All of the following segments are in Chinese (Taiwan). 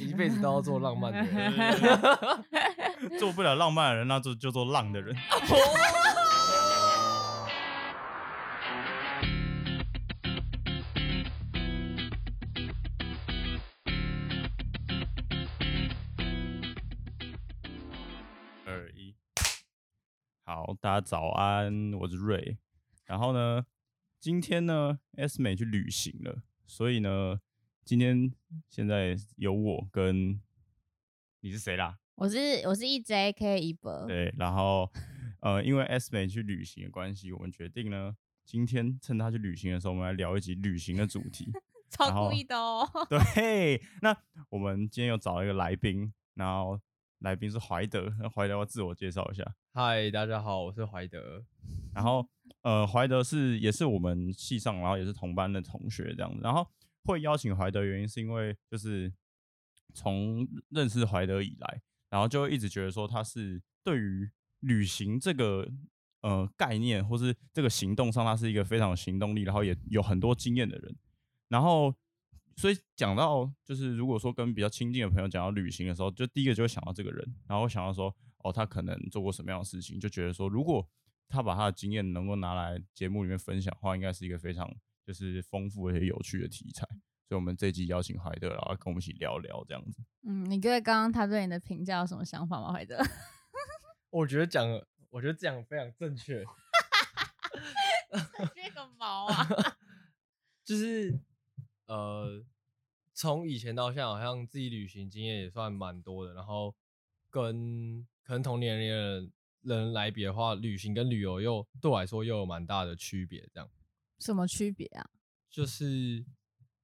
一輩子都要做浪漫的人， 做不了浪漫的人，那就就做浪的人。 二一，好，大家早安，我是瑞。然後呢，今天呢，S 美去旅行了，所以呢。今天現在有我跟你是誰啦？我是我是 EJK Eber，對，然後呃，因為 Esme 去旅行的關係，我們決定呢，今天趁他去旅行的時候，我們來聊一集旅行的主題。 超故意的哦。對，那我們今天又找了一個來賓，然後來賓是懷德。懷德要自我介紹一下。嗨，大家好，我是懷德。然後呃，懷德是也是我們系上，然後也是同班的同學這樣子。然後。會邀請懷德的原因是因為就是從認識懷德以來，然後就一直覺得說他是對於旅行這個呃概念，或是這個行動上，他是一個非常有行動力，然後也有很多經驗的人。然後所以講到就是如果說跟比較親近的朋友講到旅行的時候，就第一個就會想到這個人，然後想到說哦，他可能做過什麼樣的事情，就覺得說如果他把他的經驗能夠拿來節目裡面分享的話，應該是一個非常就是豐富而且有趣的題材。所以，我們這期邀請懷德，然後跟我們一起聊聊這樣子。嗯，你覺得剛剛他對你的評價有什麼想法嗎？懷德 我，我覺得講，我覺得講非常正確！哈哈哈哈哈哈！這個毛啊，就是呃，從以前到現在，好像自己旅行經驗也算蠻多的。然後跟可能同年齡的人來比的話，旅行跟旅遊又對我來說又有蠻大的區別。這樣，什麼區別啊？就是。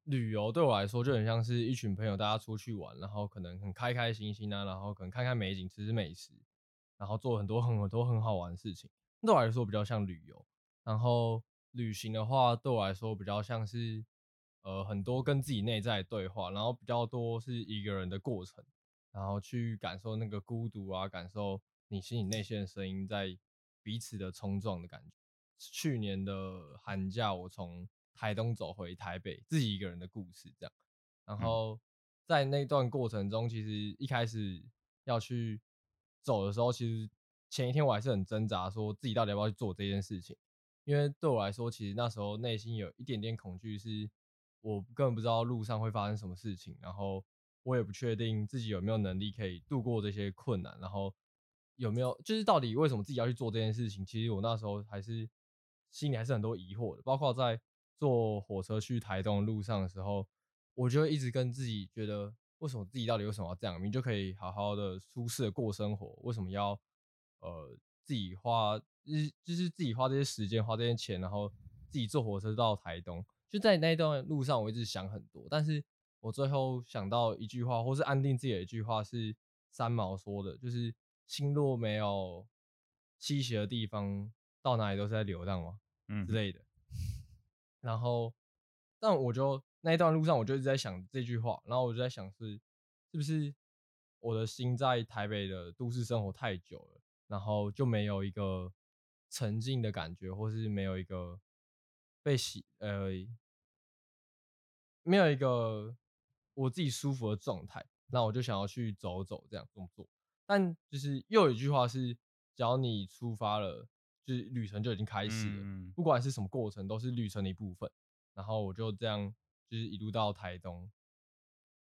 旅遊對我來說就很像是一群朋友，大家出去玩，然後可能很開開心心啊，然後可能看看美景，吃吃美食，然後做很多很多很好玩的事情。那對我來說比較像旅遊。然後旅行的話，對我來說比較像是呃很多跟自己內在對話，然後比較多是一個人的過程，然後去感受那個孤獨啊，感受你心裡內心的聲音在彼此的衝撞的感覺。去年的寒假，我從台東走回台北，自己一個人的故事，這樣。然後在那段過程中，其實一開始要去走的時候，其實前一天我還是很掙扎，說自己到底要不要去做這件事情。因為對我來說，其實那時候內心有一點點恐懼，是我根本不知道路上會發生什麼事情，然後我也不確定自己有沒有能力可以度過這些困難，然後有沒有，就是到底為什麼自己要去做這件事情。其實我那時候還是，心裡還是很多疑惑的，包括在，坐火車去台東的路上的時候，我就會一直跟自己覺得，為什麼自己到底為什麼要這樣？你就可以好好的舒適的過生活，為什麼要呃自己花、就是、就是自己花這些時間花這些錢，然後自己坐火車到台東？就在那一段路上，我一直想很多，但是我最後想到一句話，或是安定自己的一句話，是三毛說的，就是“心若沒有棲息的地方，到哪裡都是在流浪”嘛，嗯之類的。然後，但我就那一段路上，我就一直在想這句話。然後我就在想是，是是不是我的心在台北的都市生活太久了，然後就沒有一個沉靜的感覺，或是沒有一個被洗呃，沒有一個我自己舒服的狀態。那我就想要去走走這，這樣這麼但就是又有一句話是，只要你出發了。就是旅程就已經開始了，不管是什麼過程，都是旅程的一部分。然後我就這樣，就是一路到台東。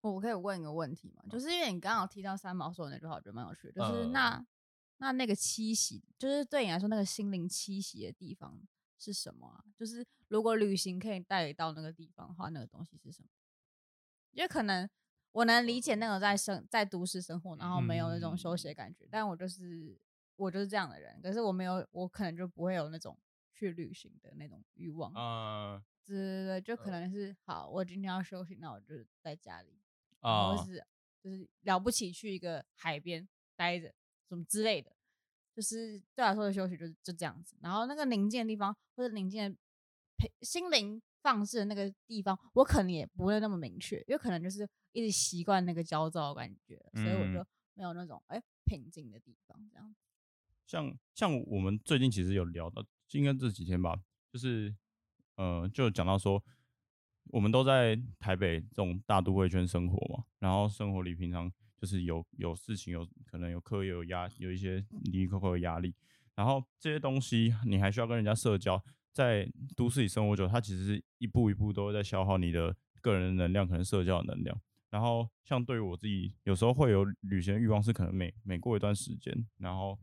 我可以問一個問題嗎？嗯、就是因為你剛剛提到三毛說的那句話，我覺得蠻有趣。就是、嗯、那那那個棲息，就是對你來說，那個心靈棲息的地方是什麼啊？就是如果旅行可以帶你到那個地方的話，那個東西是什麼？因為可能我能理解那種在生在都市生活，然後沒有那種休息的感覺，嗯、但我就是。我就是這樣的人，可是我沒有，我可能就不會有那種去旅行的那種慾望。啊，對對對，就可能是，好，我今天要休息，那我就在家裡，哦、uh, 是就是了不起去一個海邊待着什麼之類的，就是對我來說的休息就是就這樣子。然後那個寧靜的地方，或者寧靜的平心靈放置的那個地方，我可能也不會那麼明確，因為可能就是一直習慣那個焦躁的感覺，所以我就沒有那種哎、嗯、平靜的地方這樣子。像像我們最近其實有聊到，今天這幾天吧，就是呃，就講到說，我們都在台北這種大都會圈生活嘛，然後生活裡平常就是有有事情有，有可能有課也有壓，有一些哩哩摳摳的壓力，然後這些東西你還需要跟人家社交，在都市裡生活久，它其實是一步一步都會在消耗你的個人的能量，可能社交的能量。然後像對於我自己，有時候會有旅行的慾望，是可能每每過一段時間，然後。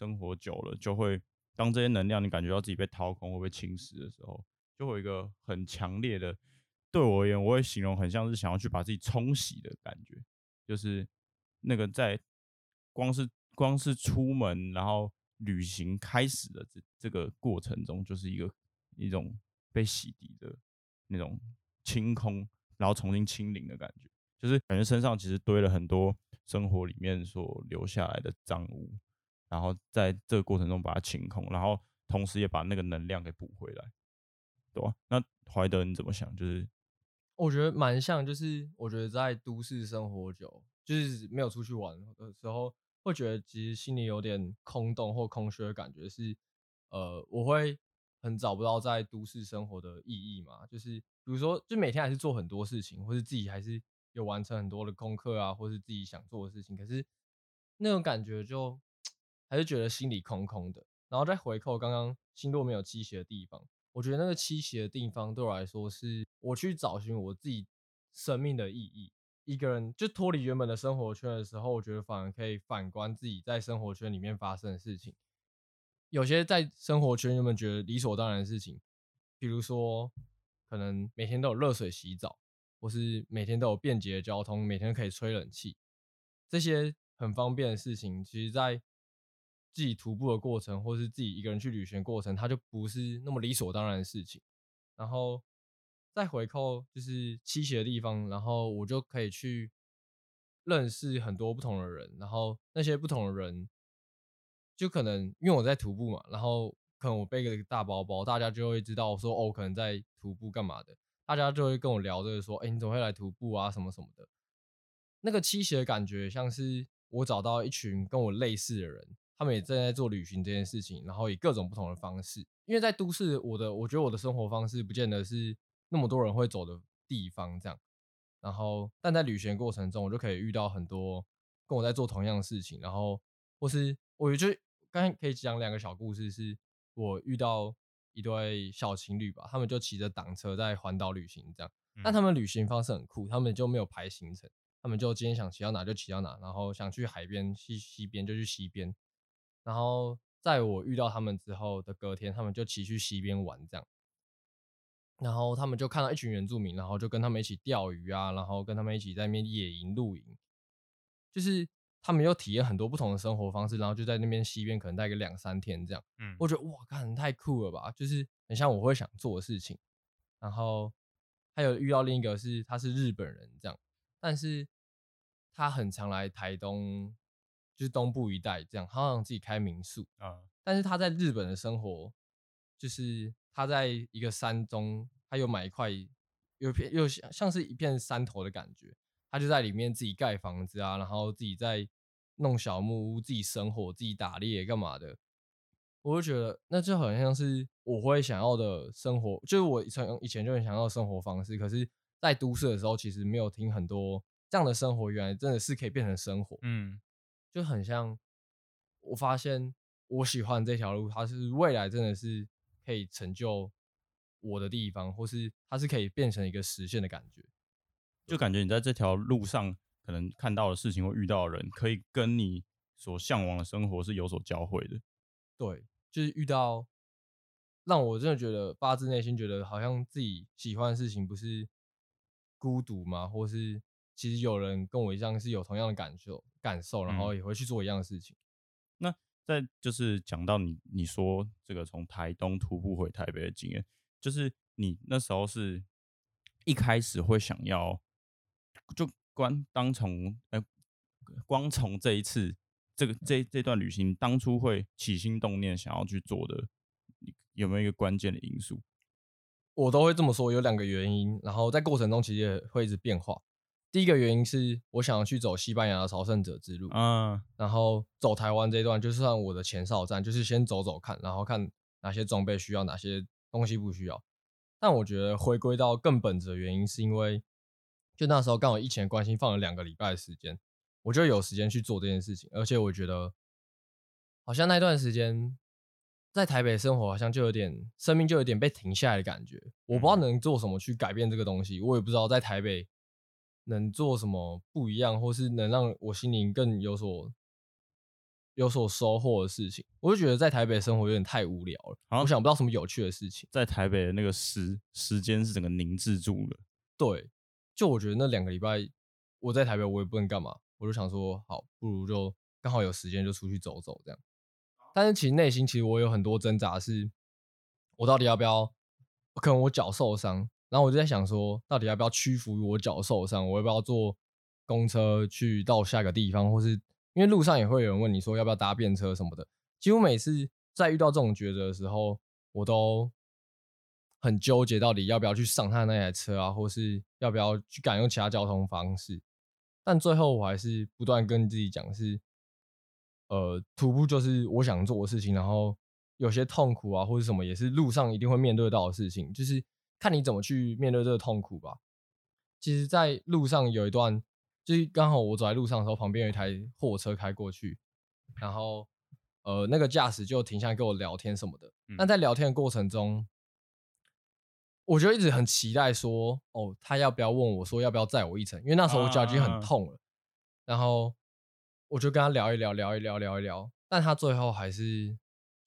生活久了，就會當這些能量，你感覺到自己被掏空、或被侵蝕的時候，就會有一個很強烈的。對我而言，我會形容很像是想要去把自己沖洗的感覺，就是那個在光是光是出門然後旅行開始的這這個過程中，就是一個一種被洗滌的那種清空，然後重新清零的感覺。就是感覺身上其實堆了很多生活裡面所留下來的髒污。然後在這個過程中把它清空，然後同時也把那個能量給補回來，對吧？那懷德你怎麼想？就是我覺得蠻像，就是我覺得在都市生活久，就是沒有出去玩的時候，會覺得其實心裡有點空洞或空虛的感覺，是呃，我會很找不到在都市生活的意義嘛，就是比如說，就每天還是做很多事情，或是自己還是有完成很多的功課啊，或是自己想做的事情，可是那種感覺就。還是覺得心裡空空的，然後再回扣剛剛心靈沒有棲息的地方，我覺得那個棲息的地方對我來說，是我去找尋我自己生命的意義。一個人就脫離原本的生活圈的時候，我覺得反而可以反觀自己在生活圈裡面發生的事情。有些在生活圈原本覺得理所當然的事情，比如說可能每天都有熱水洗澡，或是每天都有便捷的交通，每天都可以吹冷氣，這些很方便的事情，其實在自己徒步的過程，或是自己一個人去旅行的過程，它就不是那麼理所當然的事情。然後再回扣就是棲息的地方，然後我就可以去認識很多不同的人。然後那些不同的人，就可能因為我在徒步嘛，然後可能我背個大包包，大家就會知道我說哦，我可能在徒步幹嘛的，大家就會跟我聊，這個說，哎，你怎麼會來徒步啊？什麼什麼的。那個棲息的感覺，像是我找到一群跟我類似的人。他們也正在做旅行這件事情，然後以各種不同的方式，因為在都市，我的我覺得我的生活方式不見得是那麼多人會走的地方這樣，然後但在旅行過程中，我就可以遇到很多跟我在做同樣的事情，然後或是我也就剛才可以講兩個小故事，是我遇到一對小情侶吧，他們就騎着擋車在環島旅行這樣，但他們旅行方式很酷，他們就沒有排行程，他們就今天想騎到哪就騎到哪，然後想去海邊去西邊就去西邊。然後在我遇到他們之後的隔天，他們就騎去溪邊玩這樣，然後他們就看到一群原住民，然後就跟他們一起釣魚啊，然後跟他們一起在那邊野營露營，就是他們有體驗很多不同的生活方式，然後就在那邊溪邊可能待個兩三天這樣，我覺得哇，可能太酷了吧，就是很像我會想做的事情。然後還有遇到另一個是他是日本人這樣，但是他很常來台東。就是東部一帶這樣，他好像自己開民宿啊。嗯。但是他在日本的生活，就是他在一個山中，他又買一塊，又片又像像是一片山頭的感覺。他就在裡面自己蓋房子啊，然後自己在弄小木屋，自己生活，自己打獵幹嘛的。我就覺得，那就很像是我會想要的生活，就是我以前以前就很想要的生活方式。可是，在都市的時候，其實沒有聽很多這樣的生活，原來真的是可以變成生活。嗯。就很像，我發現我喜歡這條路，它，是未來真的是可以成就我的地方，或是它是可以變成一個實現的感覺。就感覺你在這條路上可能看到的事情，或遇到的人，可以跟你所嚮往的生活是有所交匯的。對，就是遇到讓我真的覺得發自內心覺得好像自己喜歡的事情不是孤獨嗎？或是？其實有人跟我一樣是有同樣的感受感受，然後也會去做一樣的事情。嗯、那在就是講到你你說這個從台東徒步回台北的經驗，就是你那時候是一開始會想要就光當從哎、欸、光從這一次這個這這段旅行當初會起心動念想要去做的，有沒有一個關鍵的因素？我都會這麼說，有兩個原因，然後在過程中其實也會一直變化。第一個原因是我想去走西班牙的朝聖者之路，嗯，然後走台灣這一段就算我的前哨站，就是先走走看，然後看哪些裝備需要，哪些東西不需要。但我覺得回歸到更本質的原因，是因為就那時候剛好疫情的關係，放了兩個禮拜的時間，我就有時間去做這件事情。而且我覺得好像那段時間在台北生活，好像就有點生命就有點被停下來的感覺。我不知道能做什麼去改變這個東西，我也不知道在台北。能做什麼不一樣，或是能讓我心靈更有所、有所收穫的事情？我就覺得在台北生活有點太無聊了，好像，啊，想不到什麼有趣的事情。在台北的那個時時間是整個凝滯住了。對，就我覺得那兩個禮拜我在台北，我也不能幹嘛。我就想說，好，不如就剛好有時間就出去走走這樣。但是其實內心其實我有很多掙扎，是，我到底要不要？可能我腳受傷。然後我就在想說，到底要不要屈服於我腳受傷？我要不要坐公車去到下個地方？或是因為路上也會有人問你說要不要搭便車什麼的？幾乎每次在遇到這種抉擇的時候，我都很糾結，到底要不要去上他那台車啊，或是要不要去改用其他交通方式？但最後我還是不斷跟自己講是，是呃，徒步就是我想做的事情，然後有些痛苦啊，或者什麼也是路上一定會面對到的事情，就是。看你怎麼去面對這個痛苦吧。其實，在路上有一段，就是剛好我走在路上的時候，旁邊有一台貨車開過去，然後，呃，那個駕駛就停下來跟我聊天什麼的、嗯。但在聊天的過程中，我就一直很期待說，哦，他要不要問我說要不要載我一程？因為那時候我腳已經很痛了。啊、然後，我就跟他聊一聊，聊一聊，聊一聊。但他最後還是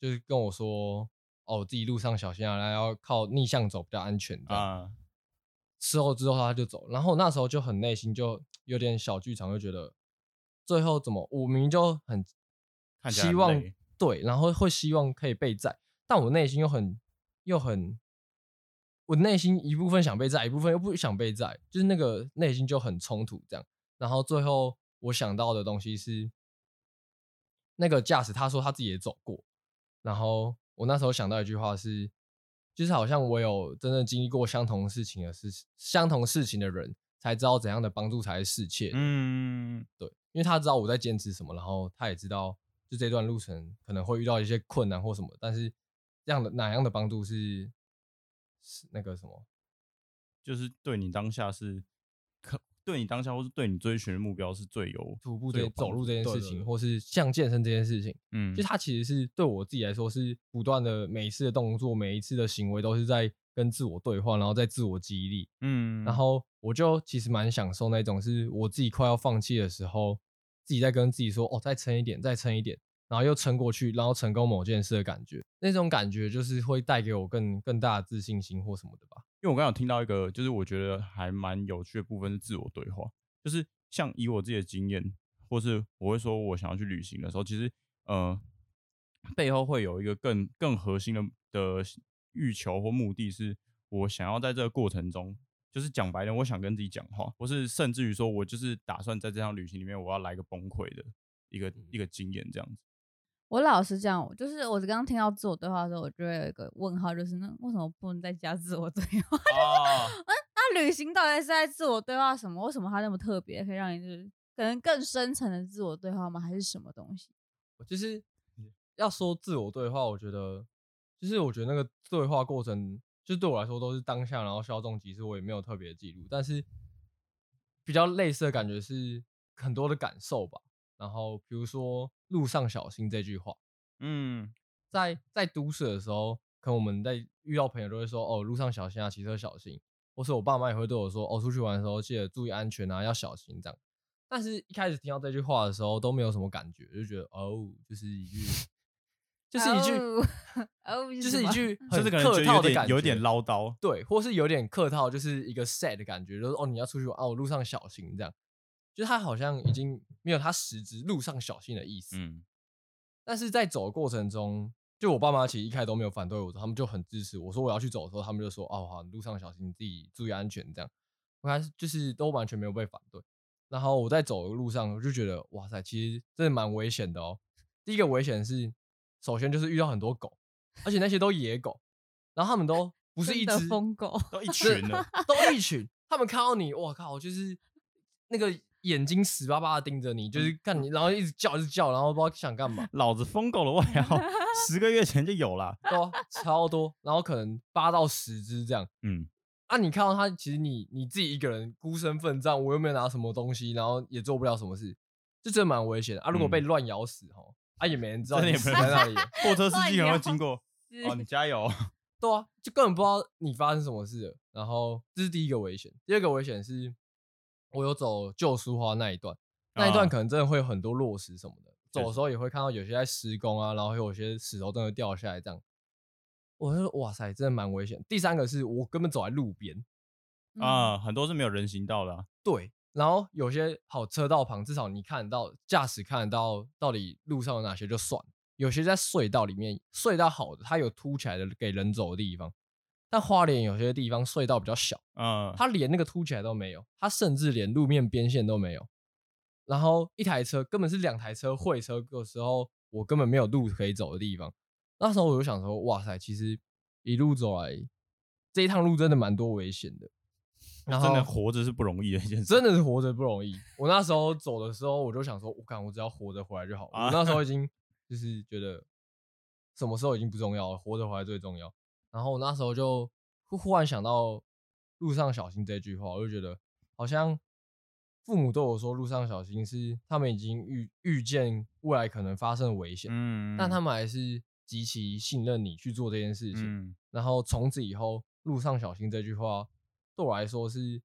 就是跟我說。哦，自己路上小心啊，然後要靠逆向走比較安全的。啊，uh，之後之後他就走，然後那時候就很內心就有點小劇場，就覺得最後怎麼我明明就很希望，很對，然後會希望可以被載，但我內心又很又很，我內心一部分想被載，一部分又不想被載，就是那個內心就很衝突這樣。然後最後我想到的東西是，那個駕駛他說他自己也走過，然後。我那時候想到一句話是，就是好像我有真正經歷過相同事情的事，相同事情的人，才知道怎樣的幫助才是適切的。嗯，對，因為他知道我在堅持什麼，然後他也知道就這段路程可能會遇到一些困難或什麼，但是這樣的哪樣的幫助是是那個什麼，就是對你當下是。對你當下，或是對你追尋的目標是最有徒步對，走路這件事情，或是像健身這件事情，嗯，其實它其實是對我自己來說是不斷的每一次的動作，每一次的行為都是在跟自我對話，然後在自我激勵，嗯，然後我就其實蠻享受那種是我自己快要放棄的時候，自己在跟自己說哦，再撐一點，再撐一點，然後又撐過去，然後成功某件事的感覺，那種感覺就是會帶給我更更大的自信心或什麼的吧。因為我剛才有聽到一個，就是我覺得還蠻有趣的部分是自我對話，就是像以我自己的經驗，或是我會說我想要去旅行的時候，其實呃背後會有一個更更核心的的欲求或目的是我想要在這個過程中，就是講白了，我想跟自己講話，或是甚至於說我就是打算在這趟旅行裡面，我要來個崩潰的一個一個經驗這樣子。我老是這樣，就是我剛剛聽到自我對話的時候，我就會有一個問號，就是那為什麼不能在家自我對話？那、啊 就是嗯啊、旅行到底是在自我對話什麼？為什麼它那麼特別，可以讓你就是可能更深層的自我對話嗎？還是什麼東西？就是要說自我對話，我覺得就是我覺得那個對話過程，就對我來說都是當下，然後稍縱即逝，我也沒有特別的記錄，但是比較類似的感覺是很多的感受吧。然後，比如說“路上小心”這句話，嗯，在在都市的時候，可能我們在遇到朋友都會說：“哦，路上小心啊，騎車小心。”或是我爸媽也會對我說：“哦，出去玩的時候記得注意安全啊，要小心這樣。”但是一開始聽到這句話的時候都沒有什麼感覺，就覺得“哦，就是一句，就是一句，哦， 就是一句， 就是一句客套的感覺，可能就有點有點嘮叨，對，或是有點客套，就是一個 sad 的感覺，就是“哦，你要出去玩哦，路上小心這樣。”就他好像已經沒有他實質路上小心的意思，嗯，但是在走的過程中，就我爸媽其實一開始都沒有反對我，他們就很支持我。我說我要去走的時候，他們就說：“哦，好，路上小心，你自己注意安全。”這樣，我還是就是都完全沒有被反對。然後我在走的路上，我就覺得哇塞，其實真的蠻危險的哦。第一個危險是，首先就是遇到很多狗，而且那些都野狗，然後他們都不是一隻瘋狗，都一群的， 都一群。他們看到你，我靠，就是那個。眼睛死巴巴的盯着你，就是看你，然後一直叫一直叫，然後不知道想幹嘛。老子瘋狗的外號，十個月前就有了，對、啊，超多，然後可能八到十只這樣。嗯，啊，你看到他，其實你你自己一個人孤身奮戰，我又沒有拿什麼東西，然後也做不了什麼事，就真的蠻危險的啊！如果被亂咬死哦、嗯，啊也沒人知道你，也沒人在那裡，貨車司機有沒有經過？哦，你加油，對啊，就根本不知道你發生什麼事了。然後這是第一個危險，第二個危險是。我有走舊蘇花那一段，那一段可能真的會有很多落石什麼的，啊、走的時候也會看到有些在施工啊，然後有些石頭真的掉下來這樣，我就說哇塞，真的蠻危險。第三個是我根本走在路邊啊、嗯，很多是沒有人行道的、啊，對，然後有些好車道旁，至少你看得到駕駛看得到到底路上有哪些就算了，有些在隧道裡面，隧道好的它有凸起來的給人走的地方。但花蓮有些地方隧道比較小，嗯，它連那個凸起來都沒有，它甚至連路面邊線都沒有。然後一台車根本是兩台車會車有時候，我根本沒有路可以走的地方。那時候我就想說，哇塞，其實一路走來，這一趟路真的蠻多危險的。然後，真的活着是不容易的一件事，真的是活着不容易。我那時候走的時候，我就想說，我靠，我只要活着回來就好。我那時候已經就是覺得，什麼時候已經不重要了，活着回來最重要。然後我那時候就忽然想到“路上小心”這句話，我就覺得好像父母對我說“路上小心”是他們已經預預見未來可能發生的危險，但他們還是極其信任你去做這件事情。然後從此以後，“路上小心”這句話對我來說是，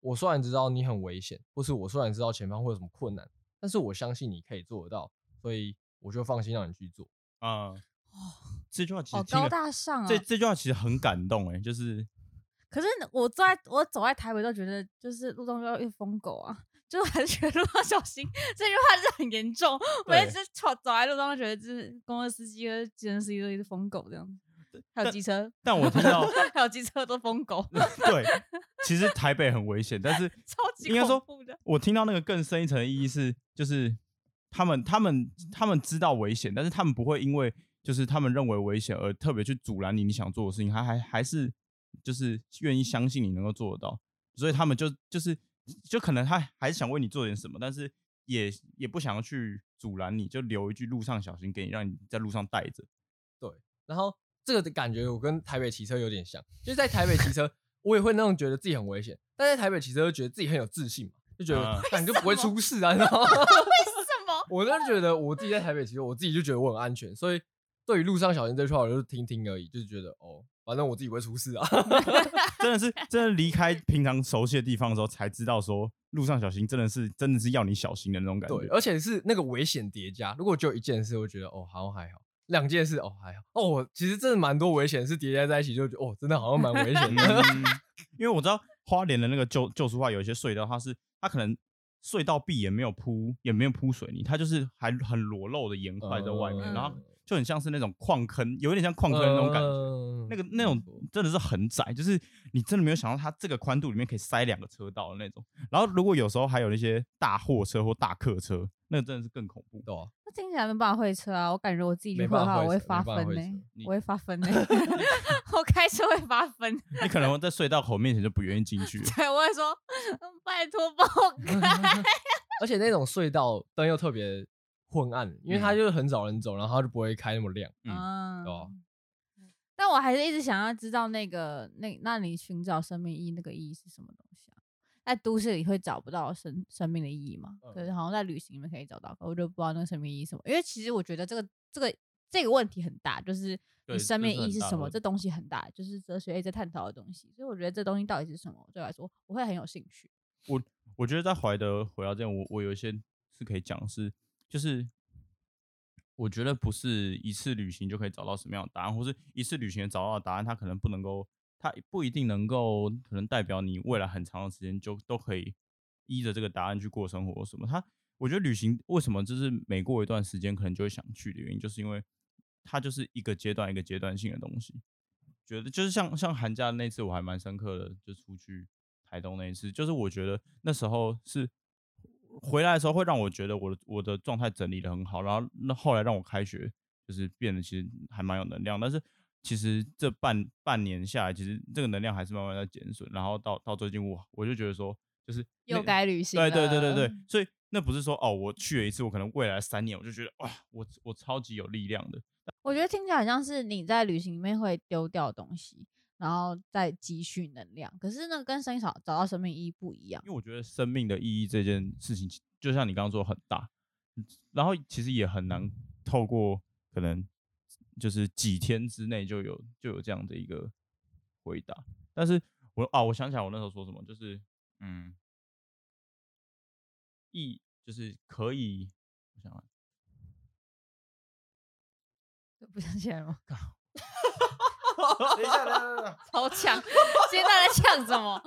我雖然知道你很危險，或是我雖然知道前方會有什麼困難，但是我相信你可以做得到，所以我就放心讓你去做啊、uh。哦，這句話其實好、哦、高大上啊。這這句話其實很感動哎、欸，就是，可是我坐在我走在台北都覺得，就是路上就要遇瘋狗啊，就是感覺路上小心。這句話是很嚴重，我一直走走在路上覺得，就是公車司機和機車司機都是瘋狗這樣子，還有機車，但，但我聽到 還有機車都瘋狗。 對，其實台北很危險，但是超級的應該說，我聽到那個更深一層的意義是，就是他們他們他們知道危險，但是他們不會因為。就是他們認為危險而特別去阻攔你，你想做的事情，他還還是就是願意相信你能夠做得到，所以他們就就是就可能他還是想為你做點什麼，但是也也不想要去阻攔你，就留一句路上小心給你，讓你在路上帶着。對，然後這個感覺我跟台北騎車有點像，就是在台北騎車，我也會那種覺得自己很危險， 但在台北騎車就覺得自己很有自信嘛，就覺得感覺、嗯啊、你就不會出事啊？然後，為什麼？ 為什麼？我當時覺得我自己在台北騎車，我自己就覺得我很安全，所以。對於路上小心這句話，我就聽聽而已，就是覺得哦，反正我自己不會出事啊。 真的是，真的離開平常熟悉的地方的時候，才知道說路上小心，真的是真的是要你小心的那種感覺。對，而且是那個危險疊加。如果只有一件事，我覺得哦，好還好；兩件事哦還好。哦，其實真的蠻多危險是疊加在一起，就覺得哦，真的好像蠻危險的 。 因為我知道花蓮的那個舊舊蘇花有一些隧道，它是它可能隧道壁，也沒有鋪也沒有鋪水泥，它就是還很裸露的岩塊在外面，嗯、然後。就很像是那種礦坑，有一點像礦坑的那種感覺，呃、那個那種真的是很窄，就是你真的沒有想到它這個寬度裡面可以塞兩個車道的那種。然後如果有時候還有那些大貨車或大客車，那個、真的是更恐怖。那、啊、聽起來沒辦法會車啊，我感覺我自己去的話我會發瘋嘞、欸，我會發瘋、欸、 我開車會發瘋。 你可能在隧道口面前就不願意進去。 對，我會說拜託，幫我開。 而且那種隧道燈又特別。昏暗，因為他就是很少人走，然後他就不會開那麼亮，嗯，哦、嗯。但我還是一直想要知道那個那那你尋找生命意義，那個意義是什麼東西啊？在都市裡會找不到生生命的意義嗎、嗯？可是好像在旅行裡面可以找到，我就不知道那個生命意義什麼。因為其實我覺得這個這個這個問題很大，就是你生命意義是什麼？就是，這東西很大，就是哲學一直在探討的東西。所以我覺得這東西到底是什麼？對我來說我，我會很有興趣。我我覺得在懷德回到這樣，我我有一些是可以講是。就是我覺得不是一次旅行就可以找到什麼樣的答案，或是一次旅行找到的答案，它可能不能夠，它不一定能夠，可能代表你未來很長的時間就都可以依着這個答案去過生活或什麼。它我覺得旅行為什麼就是每過一段時間可能就會想去的原因，就是因為它就是一個階段一個階段性的東西。覺得就是像像寒假那次我還蠻深刻的，就出去台東那一次，就是我覺得那時候是。回來的時候會讓我覺得我的我的狀態整理得很好，然後那後來讓我開學就是變得其實還蠻有能量，但是其實這半半年下來，其實這個能量還是慢慢在減損，然後到到最近我我就覺得說就是又該旅行了，對對對對對，所以那不是說哦，我去了一次，我可能未來三年我就覺得哇，我我超級有力量的，我覺得聽起來好像是你在旅行裡面會丟掉東西。然後再積蓄能量，可是那個跟生意找找到生命意義不一樣。因為我覺得生命的意義這件事情，就像你剛剛說的很大，然後其實也很難透過可能就是幾天之內就有就有這樣的一個回答。但是我啊，我想起來我那時候說什麼，就是嗯，意就是可以，我想想，不想起來了嗎？ 等超強！今 天什麼？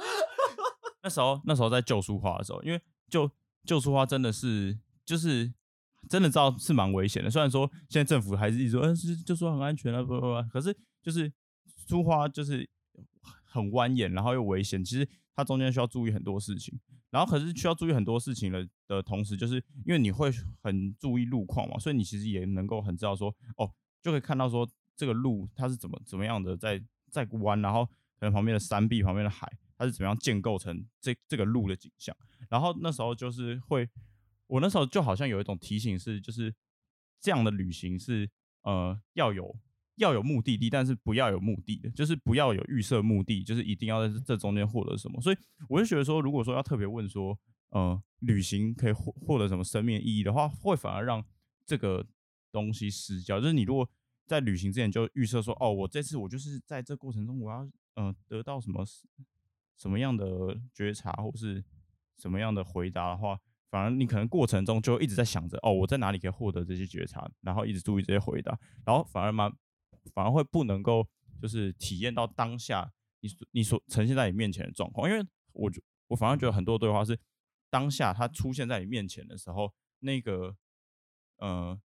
那時候，那時候在救蘇花的時候，因為救救蘇花真的是就是真的知道是蠻危險的。雖然說現在政府還是一直說，嗯、欸，就說很安全啊，不不，可是就是蘇花就是很蜿蜒，然後又危險。其實它中間需要注意很多事情，然後可是需要注意很多事情的，的同時，就是因為你會很注意路況嘛，所以你其實也能夠很知道說，哦，就可以看到說。這個路它是怎麼怎麼樣的在，在在彎，然後可能旁邊的山壁、旁邊的海，它是怎麼樣建構成這這個路的景象？然後那時候就是會，我那時候就好像有一種提醒是，就是這樣的旅行是呃要有要有目的地，但是不要有目的，就是不要有預設目的，就是一定要在這中間獲得什麼。所以我就覺得說，如果說要特別問說，呃，旅行可以獲獲得什麼生命意義的話，會反而讓這個東西失焦，就是你如果。在旅行之前就預設說，哦，我這次我就是在這過程中，我要嗯、呃、得到什麼什麼樣的覺察，或是什麼樣的回答的話，反而你可能過程中就一直在想着，哦，我在哪裡可以獲得這些覺察，然後一直注意這些回答，然後反而嘛，反而會不能夠就是體驗到當下你你所呈現在你面前的狀況，因為我就我反而覺得很多對話是當下它出現在你面前的時候，那個呃。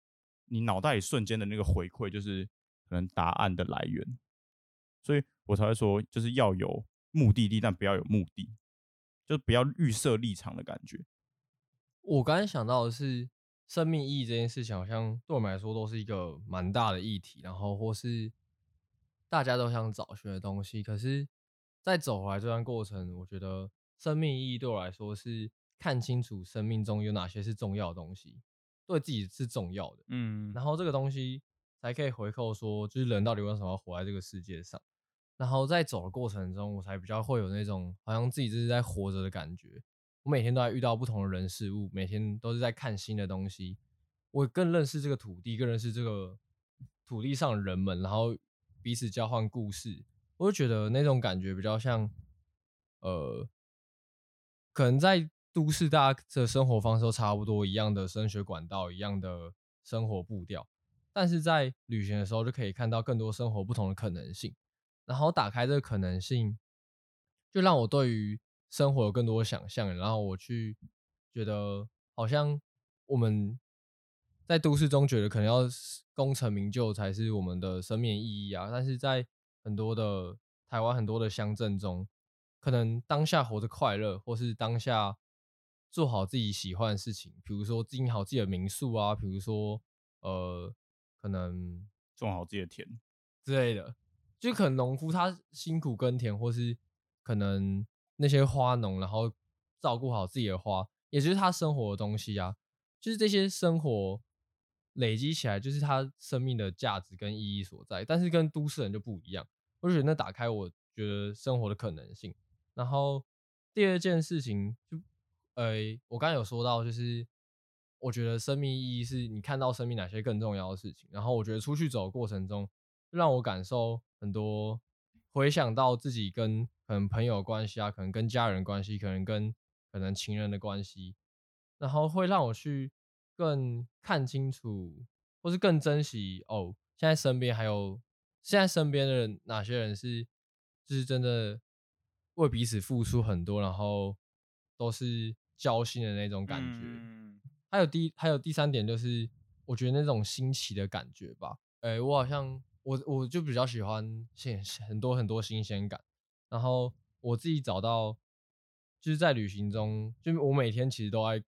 你腦袋裡瞬間的那個回饋，就是可能答案的來源，所以我才會說，就是要有目的地，但不要有目的，就是不要預設立場的感覺。我剛才想到的是，生命意義這件事情，好像對我們來說都是一個蠻大的議題，然後或是大家都想找尋的東西。可是，在走回來這段過程，我覺得生命意義對我來說是看清楚生命中有哪些是重要的東西。對自己是重要的，嗯，然後這個東西才可以回扣說，就是人到底為什麼要活在這個世界上？然後在走的過程中，我才比較會有那種好像自己就是在活着的感覺。我每天都在遇到不同的人事物，每天都是在看新的東西，我更認識這個土地，更認識這個土地上的人們，然後彼此交換故事，我就覺得那種感覺比較像，呃，可能在。都市大家的生活方式都差不多，一樣的升學管道，一樣的生活步調，但是在旅行的時候就可以看到更多生活不同的可能性，然後打開這個可能性，就讓我對於生活有更多的想象，然後我去覺得好像我們在都市中覺得可能要功成名就才是我們的生命意義啊，但是在很多的台灣很多的鄉鎮中，可能當下活著快樂或是當下。做好自己喜歡的事情，比如說經營好自己的民宿啊，比如說呃，可能種好自己的田之類的，就可能農夫他辛苦耕田，或是可能那些花農，然後照顧好自己的花，也就是他生活的東西啊，就是這些生活累積起來，就是他生命的價值跟意義所在。但是跟都市人就不一樣，我覺得那打開我覺得生活的可能性。然後第二件事情就呃、欸，我剛才有說到，就是我覺得生命意義是你看到生命哪些更重要的事情。然後我覺得出去走的過程中，就讓我感受很多，回想到自己跟可能朋友關係啊，可能跟家人關係，可能跟可能情人的關係，然後會讓我去更看清楚，或是更珍惜哦。現在身邊還有現在身邊的人，哪些人是就是真的為彼此付出很多，然後。都是交心的那種感覺。還有第還有第三點就是，我覺得那種新奇的感覺吧。哎，我好像我我就比較喜歡現很多很多新鮮感。然後我自己找到就是在旅行中，就我每天其實都愛，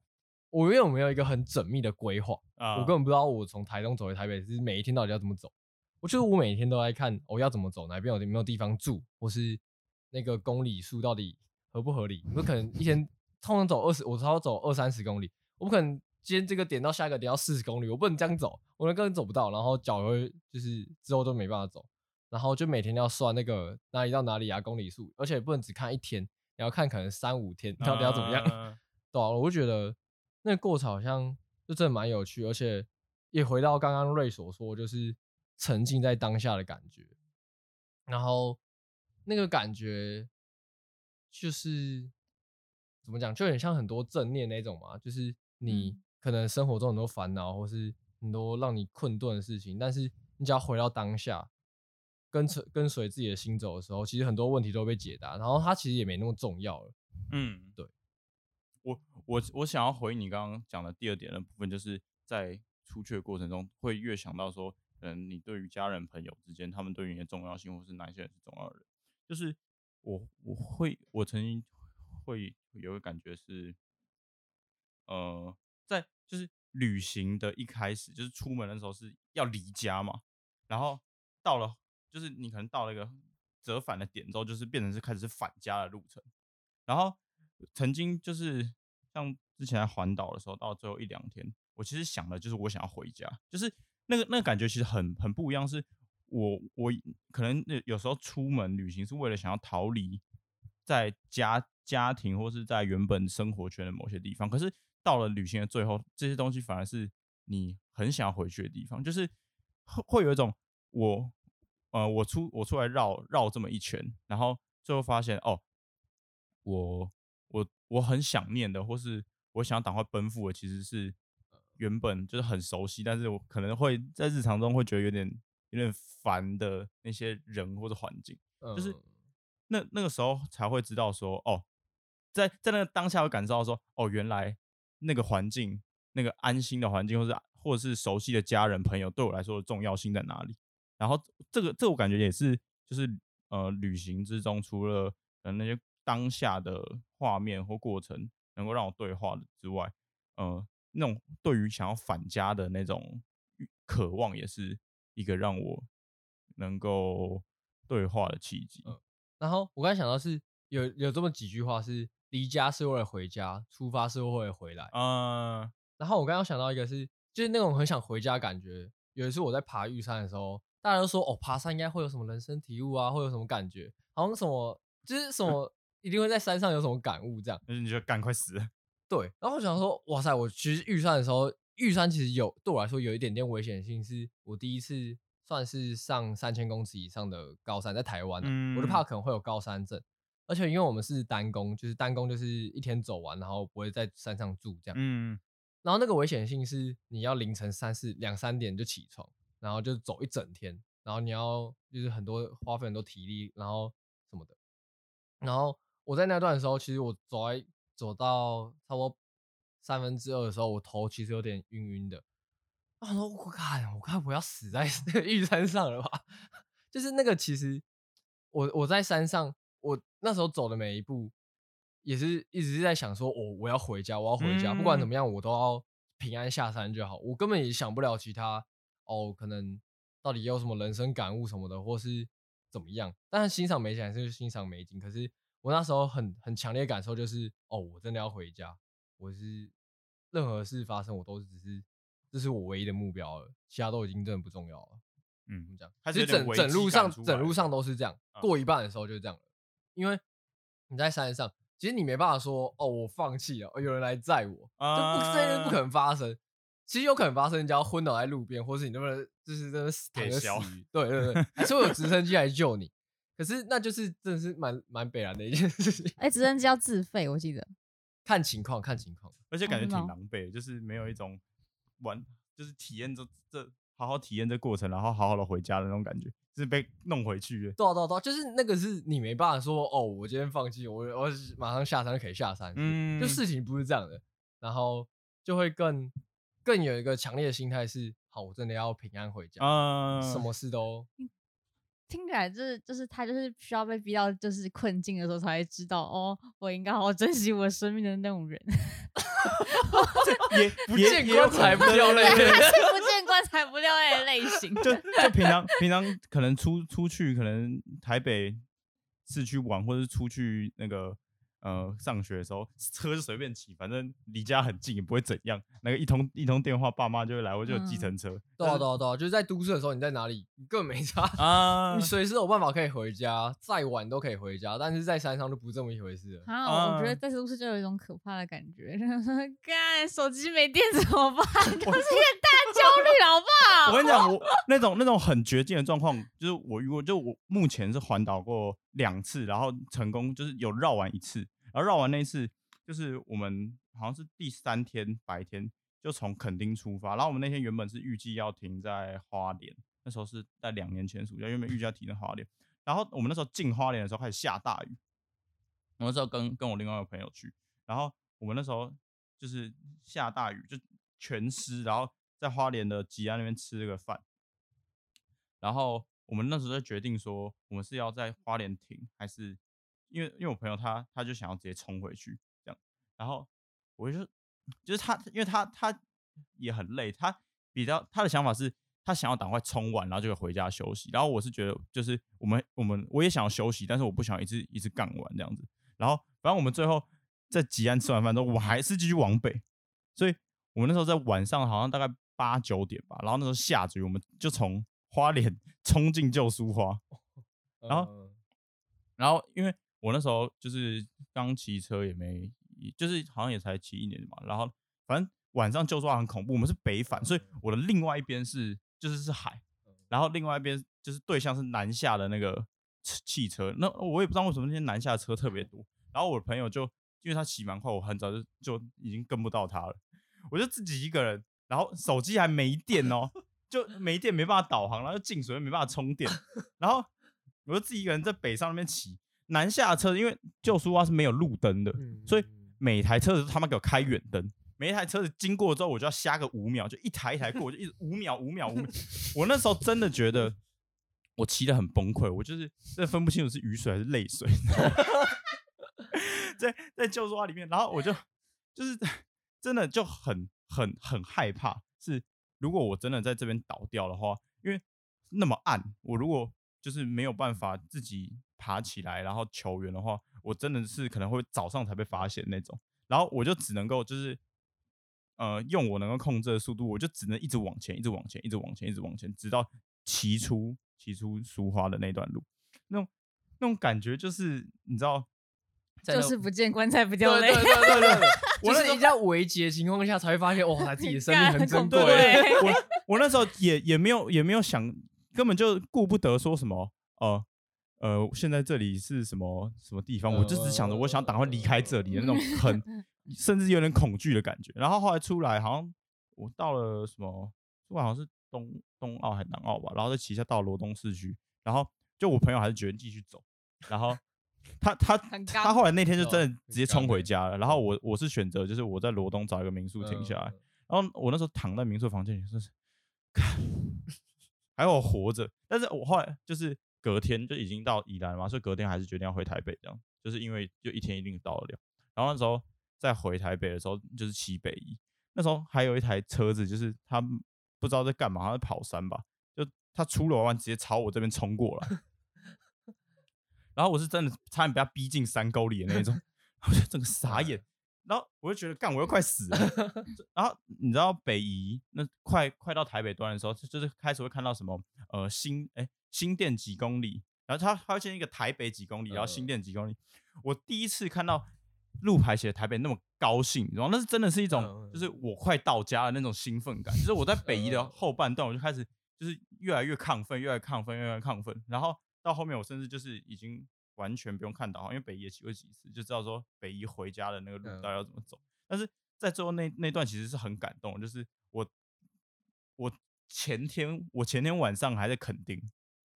我因為我沒有一個很縝密的規劃啊，我根本不知道我從台東走回台北是每一天到底要怎麼走。我就是我每天都愛看我要怎麼走，哪邊有沒有地方住，或是那個公里數到底合不合理。我可能一天。通常走二十，我通常走二三十公里，我不可能今天這個點到下一個點要四十公里，我不能這樣走，我連根本走不到，然後腳會就是之後都沒辦法走，然後就每天要算那個哪裡到哪裡啊，公里數，而且不能只看一天，然後看可能三五天到底要怎麼樣，啊、 對啊、啊、我就覺得那個過程好像就真的蠻有趣，而且也回到剛剛瑞所說，就是沉浸在當下的感覺，然後那個感覺就是。怎麼講，就很像很多正念那種嘛，就是你可能生活中很多煩惱，或是很多讓你困頓的事情，但是你只要回到當下，跟隨跟隨自己的心走的時候，其實很多問題都被解答，然後它其實也沒那麼重要了。嗯，對。我我我想要回應你剛剛講的第二點的部分，就是在出去的過程中，會越想到說，嗯，你對於家人朋友之間，他們對於你的重要性，或是哪一些人是重要的人。就是我我會我曾經。會有個感覺是，呃，在就是旅行的一開始，就是出門的時候是要離家嘛，然後到了就是你可能到了一個折返的點之後，就是變成是開始是返家的路程，然後曾經就是像之前環島的時候，到了最後一兩天，我其實想的就是我想要回家，就是那個那個感覺其實很很不一樣，是我我可能有時候出門旅行是為了想要逃離在家。家庭或是在原本生活圈的某些地方，可是到了旅行的最後，這些東西反而是你很想要回去的地方，就是會會有一種我呃我出我出來繞繞這麼一圈，然後最後發現哦，我我我很想念的，或是我想要趕快奔赴的，其實是原本就是很熟悉，但是我可能會在日常中會覺得有點有點煩的那些人或者環境，就是那那個時候才會知道說哦。在在那個當下，我感受到說，哦，原來那個環境，那個安心的環境，或是或者是熟悉的家人朋友，對我來說的重要性在哪裡。然後這個，這個我感覺也是，就是呃，旅行之中，除了呃那些當下的畫面或過程能夠讓我對話之外，呃，那種對於想要返家的那種渴望，也是一個讓我能夠對話的契機，呃。然後我剛才想到是有有這麼幾句話是。離家是為了回家，出發是為了回來。嗯，然後我剛剛想到一個是，是就是那種很想回家的感覺。有一次我在爬玉山的時候，大家都說哦，爬山應該會有什麼人生體悟啊，會有什麼感覺？好像什麼就是什麼一定會在山上有什麼感悟這樣。是你就趕快死。對。然後我想說，哇塞，我其實玉山的時候，玉山其實有對我來說有一點點危險性，是我第一次算是上三千公尺以上的高山，在台灣。嗯，我就怕可能會有高山症。而且因為我們是單攻，就是單攻，就是一天走完，然後不會在山上住這樣。嗯，然後那個危險性是你要凌晨三四兩三點就起床，然後就走一整天，然後你要就是很多花費很多體力，然後什麼的。然後我在那段的時候，其實我走走到差不多三分之二的時候，我頭其實有點暈暈的。啊，我說我靠，我看我要死在那個玉山上了吧？就是那個，其實我我在山上。我那時候走的每一步，也是一直是在想說，哦，我要回家，我要回家，嗯，不管怎麼樣，我都要平安下山就好。我根本也想不了其他，哦，可能到底有什麼人生感悟什麼的，或是怎麼樣。但是欣賞美景還是欣賞美景。可是我那時候很很強烈的感受就是，哦，我真的要回家。我是任何事發生，我都只是這是我唯一的目標了，其他都已經真的不重要了。嗯，怎麼講？還是其實，整整路上整路上都是這樣，啊，過一半的時候就是這樣了。因為你在山上，其實你沒辦法說，哦，我放棄了，有人來載我，這、嗯、不這不可能發生。其實有可能發生，你只要昏倒在路邊，或是你能不能就是真的死？對對對，所 說有直升機來救你， 可是那就是真的是蠻蠻悲涼的一件事情。哎、欸，直升機要自費，我記得。看情況，看情況，而且感覺挺狼狽的，就是沒有一種玩，就是體驗着這。好好體驗這過程，然後好好的回家的那種感覺，是被弄回去的。對啊對啊對啊，就是那個是你沒辦法說哦，我今天放棄，我我馬上下山就可以下山。嗯，就事情不是這樣的，然後就會更更有一個強烈的心態是，好，我真的要平安回家，嗯，什麼事都。聽起來就是就是他就是需要被逼到就是困境的時候才會知道哦，我應該好好珍惜我生命的那種人， 也， 也 見棺材不掉淚， 對，不見棺材不掉淚的類型的， 就就平常平常可能出出去，可能台北市區玩，或者是出去那個，呃，上學的時候，車就隨便騎，反正離家很近，也不會怎樣。那個一通一通電話，爸媽就會來。我就有計程車，嗯、對、啊、對、啊、對、啊，就是在都市的時候，你在哪裡，你更沒差啊，你隨時有辦法可以回家，再晚都可以回家。但是在山上就不這麼一回事了啊！我覺得在都市就有一種可怕的感覺，說、啊、幹 手機沒電怎麼辦？他是一個大焦慮好不好。我跟你講，我 那種那種很絕境的狀況，就是我如果就我目前是環島過。兩次，然後成功就是有繞完一次，然後繞完那一次就是我們好像是第三天白天就從墾丁出發，然後我們那天原本是預計要停在花蓮，那時候是在兩年前暑假，原本預計要停在花蓮，然後我們那時候進花蓮的時候開始下大雨，我那時候跟、嗯、跟我另外一個朋友去，然後我們那時候就是下大雨就全濕，然後在花蓮的吉安那邊吃這個飯，然後。我們那時候在決定說，我們是要在花蓮停，還是因為因為我朋友他他就想要直接衝回去這樣，然後我就就是他因為他他也很累，他比較他的想法是他想要趕快衝完，然後就回家休息。然後我是覺得就是我們我們我也想要休息，但是我不想一直一直幹完這樣子。然後反正我們最後在吉安吃完飯之後，我還是繼續往北。所以我們那時候在晚上好像大概八九點吧，然後那時候下着雨，我們就從。花蓮，衝進舊蘇花，嗯、然後，然後因為我那時候就是剛騎車也，也沒就是好像也才騎一年嘛，然後反正晚上舊蘇花很恐怖。我們是北返，嗯、所以我的另外一邊是就是是海，嗯、然後另外一邊就是對象是南下的那個汽車。那我也不知道為什麼那天南下的車特別多。然後我的朋友就因為他騎蠻快，我很早就就已經跟不到他了，我就自己一個人，然後手機還沒電哦、喔。嗯 就沒電，沒辦法導航，然後進水又沒辦法充電，然後我就自己一個人在北上那邊騎，南下的車，因為舊蘇花是沒有路燈的，嗯，所以每台車子都他媽給我開遠燈，每一台車子經過之後我就要瞎個五秒，就一台一台過， 我就一直五秒五秒五秒，我那時候真的覺得我騎的很崩潰，我就是真分不清楚是雨水還是淚水， 在在舊蘇花裡面，然後我就就是真的就很很很害怕，是。如果我真的在這邊倒掉的話，因為那麼暗，我如果就是沒有辦法自己爬起來，然後求援的話，我真的是可能會早上才被發現的那種。然後我就只能夠就是，呃，用我能夠控制的速度，我就只能一直往前，一直往前，一直往前，一直往前，直到騎出騎出舒花的那段路。那種那種感覺就是，你知道。就是不見棺材不掉淚。對對對對，對，對 我那時候，我 是在危急的情況下才會發現，哇，自己的生命很珍貴。 我我那時候也也沒有也沒有想，根本就顧不得說什麼，呃呃，現在這裡是什麼什麼地方，我就只想着我想趕快離開這裡的那種很 甚至有點恐懼的感覺。然後後來出來，好像我到了什麼，好像是東東澳還是南澳吧，然後再騎車到羅東市區，然後就我朋友還是決定繼續走，然後。 他他他後來那天就真的直接衝回家了，然後我我是選擇就是我在羅東找一個民宿停下來，嗯嗯，然後我那時候躺在民宿房間裡，就是還好我活着，但是我後來就是隔天就已經到宜蘭嘛，所以隔天還是決定要回台北這樣，就是因為就一天一定到得了。然後那時候再回台北的時候就是騎北宜，那時候還有一台車子，就是他不知道在幹嘛，他在跑山吧，就他出了彎直接朝我這邊衝過來。嗯然後我是真的差點被他逼進山溝裡的那種， 我就整個傻眼。然後我就覺得，幹，我又快死了。然後你知道北宜那快快到台北段的時候，就、就是開始會看到什麼呃新哎新店幾公里，然後他他會建立一個台北幾公里，然後新店幾公里。我第一次看到路牌寫的台北那麼高興，然後那是真的是一種 就是我快到家的那種興奮感。就是我在北宜的後半段，我就開始就是越來越亢奮，越來亢奮，越來亢奮。然後。到後面我甚至就是已經完全不用看到，因為北宜去過幾次就知道說北宜回家的那個路到底要怎麼走。嗯、但是在最後那那段其實是很感動，就是我我前天我前天晚上還在墾丁，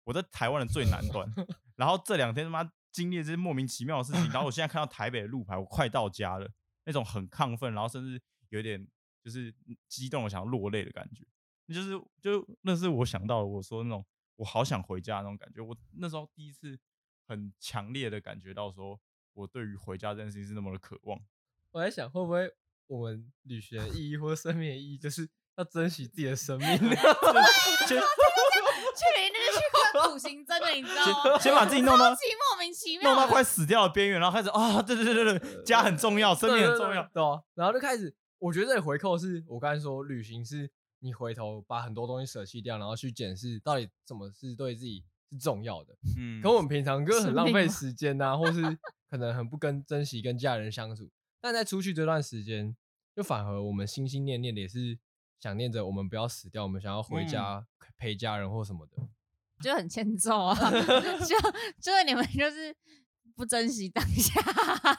我在台灣的最南端， 然後這兩天他媽經歷這些莫名其妙的事情，然後我現在看到台北的路牌，我快到家了，那種很亢奮，然後甚至有點就是激動，我想要落淚的感覺，就是就那是我想到我說那種。我好想回家那種感覺，我那時候第一次很強烈的感覺到，說我對於回家這件事情是那麼的渴望。我在想，會不會我們旅行的意義，或者生命的意義，就是要珍惜自己的生命、 啊？去，那個去過苦行僧，你知道先把自己弄到莫名其妙，弄到快死掉的邊緣，然後開始啊、哦，對對對對對，家、呃、很重要對對對對對，生命很重要，對、啊、然後就開始，我覺得這裡回扣是我剛才說，旅行是。你回頭把很多東西捨棄掉，然後去檢視到底什麼是對自己是重要的。嗯，可我們平常就是很浪費時間吶，啊，或是可能很不跟珍惜跟家人相處。 但在出去這段時間，就反而我們心心念念的也是想念着我們不要死掉，我們想要回家陪家人或什麼的，就很欠揍啊！ 就就是你們就是。不珍惜當下，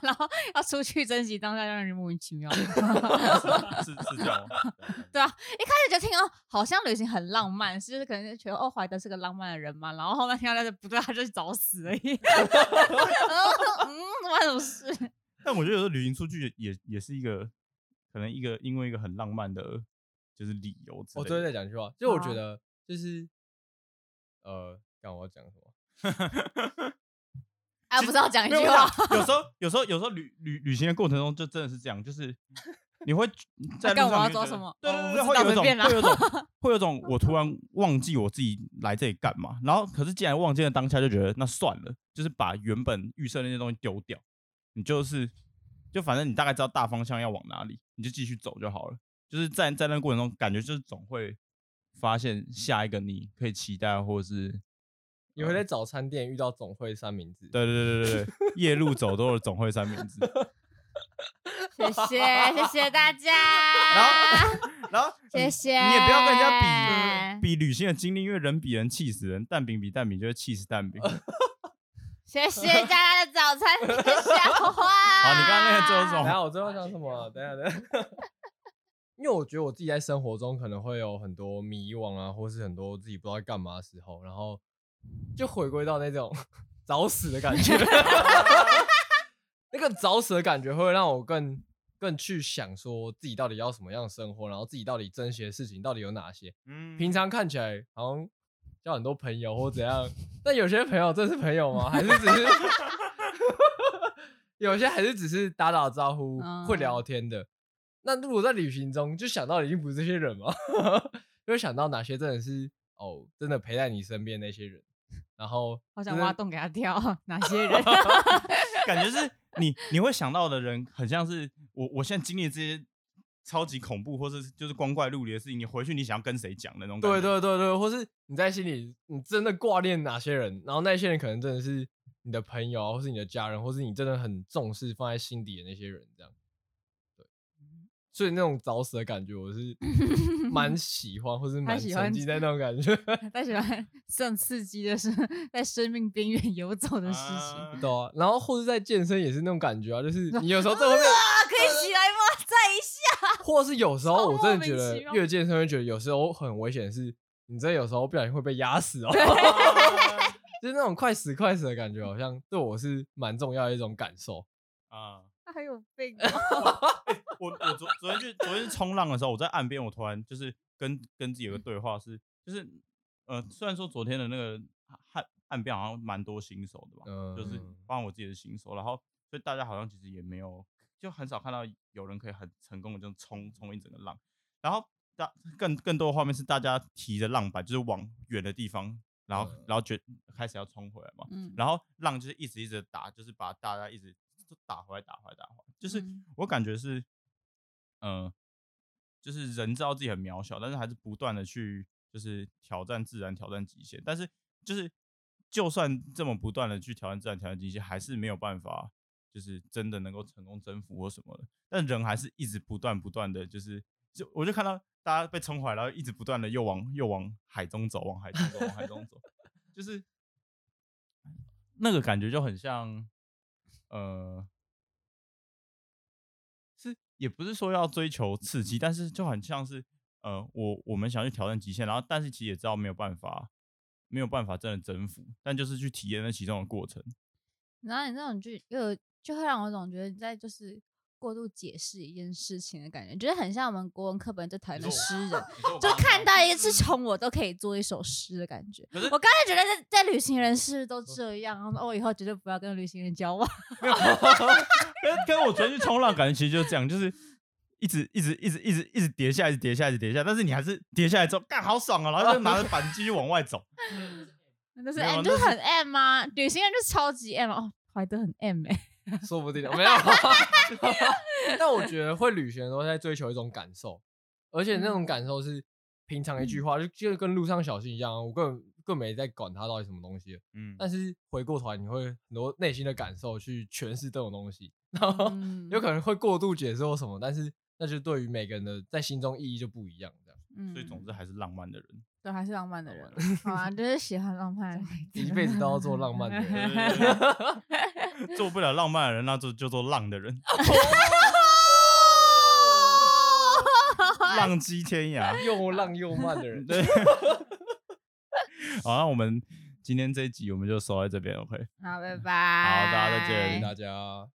然後要出去珍惜當下，讓人莫名其妙。自自嘲， 對啊，一開始就聽哦，好像旅行很浪漫，是就是可能覺得哦，懷德是個浪漫的人嘛。然後後來聽到就不對，他就去找死而已。 嗯，怎麼什麼事？但我覺得有時候旅行出去也也是一個，可能一個因為一個很浪漫的，就是理由。我昨天再講一句話，就我覺得就是，好呃，剛我要講什麼？ 還、啊、不知道講一句話有、啊。有時候，有時候，有時候旅旅旅行的過程中，就真的是這樣，就是你會在幹嘛做什麼？對，會有種會有種會有種，有種有種 我突然忘記我自己來這裡幹嘛，然後可是既然忘記了當下，就覺得那算了，就是把原本預設那些東西丟掉，你就是就反正你大概知道大方向要往哪裡，你就繼續走就好了。就是在在那個過程中，感覺就是總會發現下一個你可以期待或者是。你會在早餐店遇到總會三明治。對對對對對， 夜路走都有總會三明治。謝謝謝謝大家。然後然後謝謝你，你也不要跟人家比比旅行的經歷，因為人比人氣死人，蛋餅比蛋餅就會氣死蛋餅。 謝謝大家的早餐店笑話。好，你剛剛那個就是，我最後講什麼？等下、啊、等下。等下 因為我覺得我自己在生活中可能會有很多迷惘啊，或是很多自己不知道在幹嘛的時候，然後。就回歸到那種找死的感覺 那個找死的感覺會讓我更更去想說自己到底要什麼樣的生活，然後自己到底珍惜的事情到底有哪些。嗯，平常看起來好像交很多朋友或怎樣，但有些朋友真是朋友嗎？還是只是有些還是只是打打招呼會聊天的？那如果在旅行中就想到已經不是這些人嗎？就會想到哪些真的是哦、oh，真的陪在你身邊那些人。然後，好想挖洞給他跳。哪些人？ 感覺是你，你會想到的人，很像是我。我現在經歷這些超級恐怖，或是就是光怪陸離的事情，你回去你想要跟誰講那種感覺？對對對對，或是你在心裡，你真的掛念哪些人？然後那些人可能真的是你的朋友啊，或是你的家人，或是你真的很重視、放在心底的那些人，這樣。所以那種找死的感覺，我是蠻喜歡，或者蠻沉浸在那種感覺 喜歡， 但喜歡這種刺激的是、是在生命邊緣游走的事情、uh。對、啊，然後或者在健身也是那種感覺啊，就是你有時候在外面、啊啊啊、可以起來嗎、呃？再一下，或者是有時候我真的覺得越健身會覺得有時候很危險，是你真的有時候不小心會被壓死哦。 對笑 就是那種快死、快死的感覺，好像對我是蠻重要的一種感受啊。Uh. 還有病、 欸！我我昨天就昨天去昨天衝浪的時候，我在岸邊，我突然就是跟 跟自己有個對話，是就是呃，雖然說昨天的那個岸岸邊好像蠻多新手的嘛，就是包括我自己的新手，然後所以大家好像其實也沒有，就很少看到有人可以很成功的就衝衝一整個浪，然後大更更多的畫面是大家提着浪板，就是往遠的地方，然後然後就開始要衝回來嘛，然後浪就是一直一直打，就是把大家一直。打回來，打回來，打回來，就是我感覺是，嗯、呃，就是人知道自己很渺小，但是還是不斷的去就是挑戰自然，挑戰極限。但是就是就算這麼不斷的去挑戰自然，挑戰極限，還是沒有辦法，就是真的能夠成功征服或什麼的。但人還是一直不斷不斷的，就是就我就看到大家被衝回來，然後一直不斷的又往又往海中走，往海中走，往海中走，往海中走，就是 那個感覺就很像。呃，是也不是說要追求刺激，但是就很像是呃，我我們想去挑戰極限，然後但是其實也知道沒有辦法，沒有辦法真的征服，但就是去體驗那其中的過程。然後你這種就又就會讓我總覺得你在就是。過度解釋一件事情的感覺，覺得很像我們國文課本在談的詩人，就是、看到一次衝我都可以做一首詩的感覺。我剛才覺得在在旅行人士都這樣？我以後絕對不要跟旅行人交往。跟、啊、跟、啊、我昨天去衝浪感覺 其實就是這樣，就是一直一直一直一直一直跌下，一直跌下，一直跌下。但是你還是跌下來之後，幹好爽啊，然後就拿着板繼續往外走。那都是 M，就是是是是就是、很 M 嗎、啊？旅行人就超級 M 哦，懷德很 M 哎、欸。 說不定的沒有 但我覺得會旅行的時候在追求一種感受，而且那種感受是平常一句話，就就跟路上小心一樣、啊，我更更沒在管它到底什麼東西。嗯，但是回過頭你會很多內心的感受去詮釋這種東西，然後有可能會過度解釋或什麼，但是那就對於每個人的在心中意義就不一樣，這樣、嗯、所以總之還是浪漫的人，對，還是浪漫，浪漫的人，好啊，就是喜歡浪漫的， 一輩子都要做浪漫的人。 對對對 做不了浪漫的人，那就就做浪的人， 浪跡天涯又浪又慢的人。對， 好，那我們今天這一集我們就收在這邊，OK。好，拜拜。好，大家再見，大家。